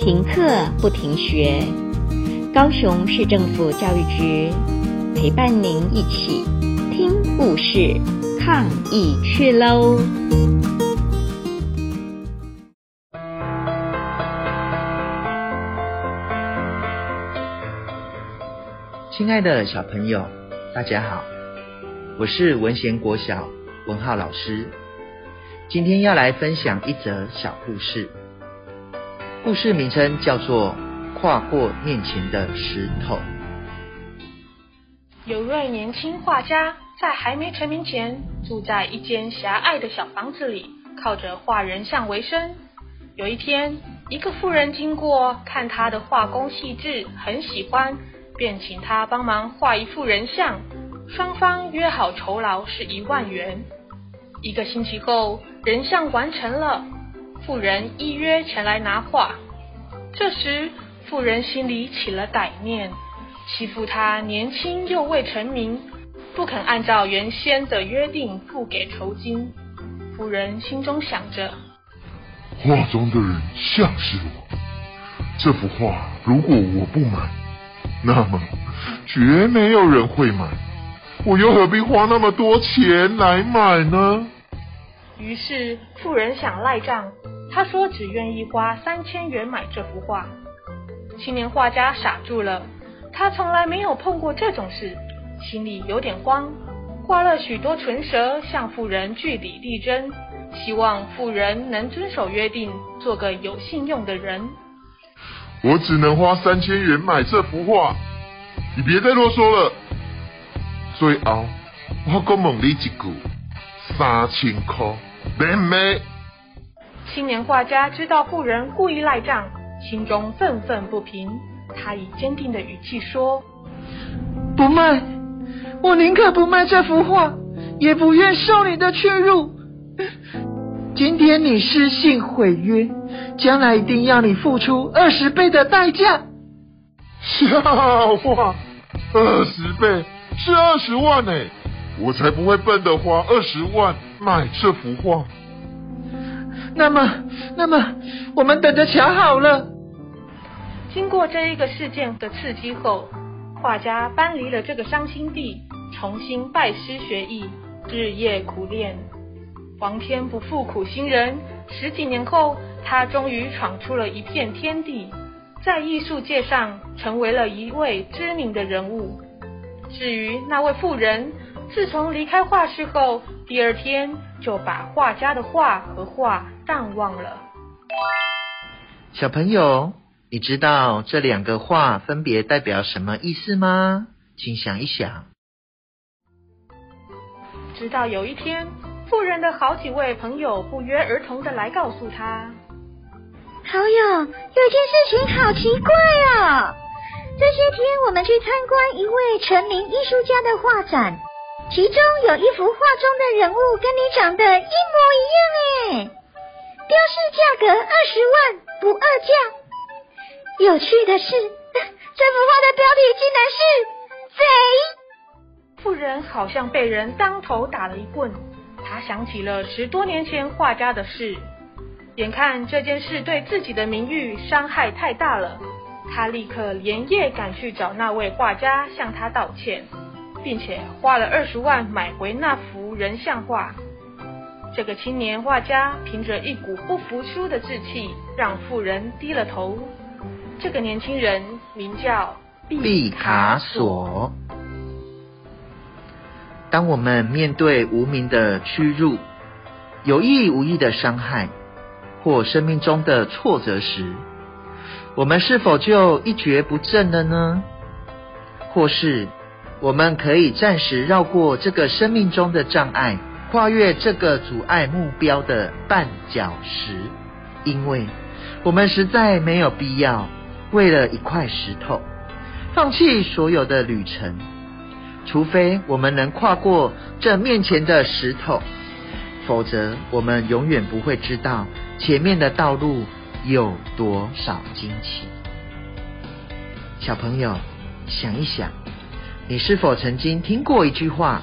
停課不停學，高雄市政府教育局陪伴您一起聽故事、抗疫趣嘍。親愛的小朋友，大家好，我是文賢國小文浩老師，今天要來分享一則小故事。故事名稱叫做《跨過面前的石頭》。有位年輕畫家在還沒成名前，住在一間狹隘的小房子裡，靠着畫人像為生。有一天，一個婦人經過，看他的畫工細緻，很喜歡，便請他幫忙畫一幅人像。雙方約好酬勞是一萬元。一個星期後，人像完成了。富人依約前來拿畫，這時富人心裡起了歹念，欺負他年輕又未成名，不肯按照原先的約定付給酬金。富人心中想着，畫中的人像是我，這幅畫如果我不買，那麼絕沒有人會買，我又何必花那麼多錢來買呢？於是富人想賴賬。他說：“只願意花三千元買這幅畫。”青年畫家傻住了，他從來沒有碰過這種事，心裡有點慌，花了許多唇舌向富人據理力爭，希望富人能遵守約定，做個有信用的人。我只能花三千元買這幅畫，你別再囉嗦了。所以後，我再問你一句：三千塊買不買？青年畫家知道富人故意賴賬，心中憤憤不平。他以堅定的語氣說：“不賣，我寧可不賣這幅畫，也不願受你的屈辱。今天你失信毀約，將來一定要你付出二十倍的代價。”笑話，二十倍是二十萬哎，我才不會笨得花二十萬買這幅畫。那麼，那麼，我們等着瞧好了。經過這一個事件的刺激後，畫家搬離了這個傷心地，重新拜師學藝，日夜苦練。皇天不負苦心人，十幾年後，他終於闖出了一片天地，在藝術界上成為了一位知名的人物。至於那位婦人，自從離開畫室後，第二天就把畫家的畫和畫。淡忘了。小朋友，你知道這兩個話分別代表什麼意思嗎？請想一想。直到有一天，富人的好幾位朋友不約而同的來告訴他，好友有一件事情好奇怪哦。這些天我們去參觀一位成名藝術家的畫展，其中有一幅畫中的人物跟你長得一模一樣耶。」標示價格二十萬，不二價。有趣的是，這幅畫的標題竟然是“賊”。富人好像被人當頭打了一棍，他想起了十多年前畫家的事。眼看這件事對自己的名譽傷害太大了，他立刻連夜趕去找那位畫家，向他道歉，並且花了二十萬買回那幅人像畫。這個青年畫家憑着一股不服輸的志氣，讓富人低了頭。這個年輕人名叫畢卡，畢卡索。當我們面對無名的屈辱、有意無意的傷害或生命中的挫折時，我們是否就一蹶不振了呢？或是我們可以暫時繞過這個生命中的障礙？跨越這個阻礙目標的絆腳石，因為我們實在沒有必要為了一塊石頭放棄所有的旅程，除非我們能跨過這面前的石頭，否則我們永遠不會知道前面的道路有多少驚奇。小朋友，想一想，你是否曾經聽過一句話？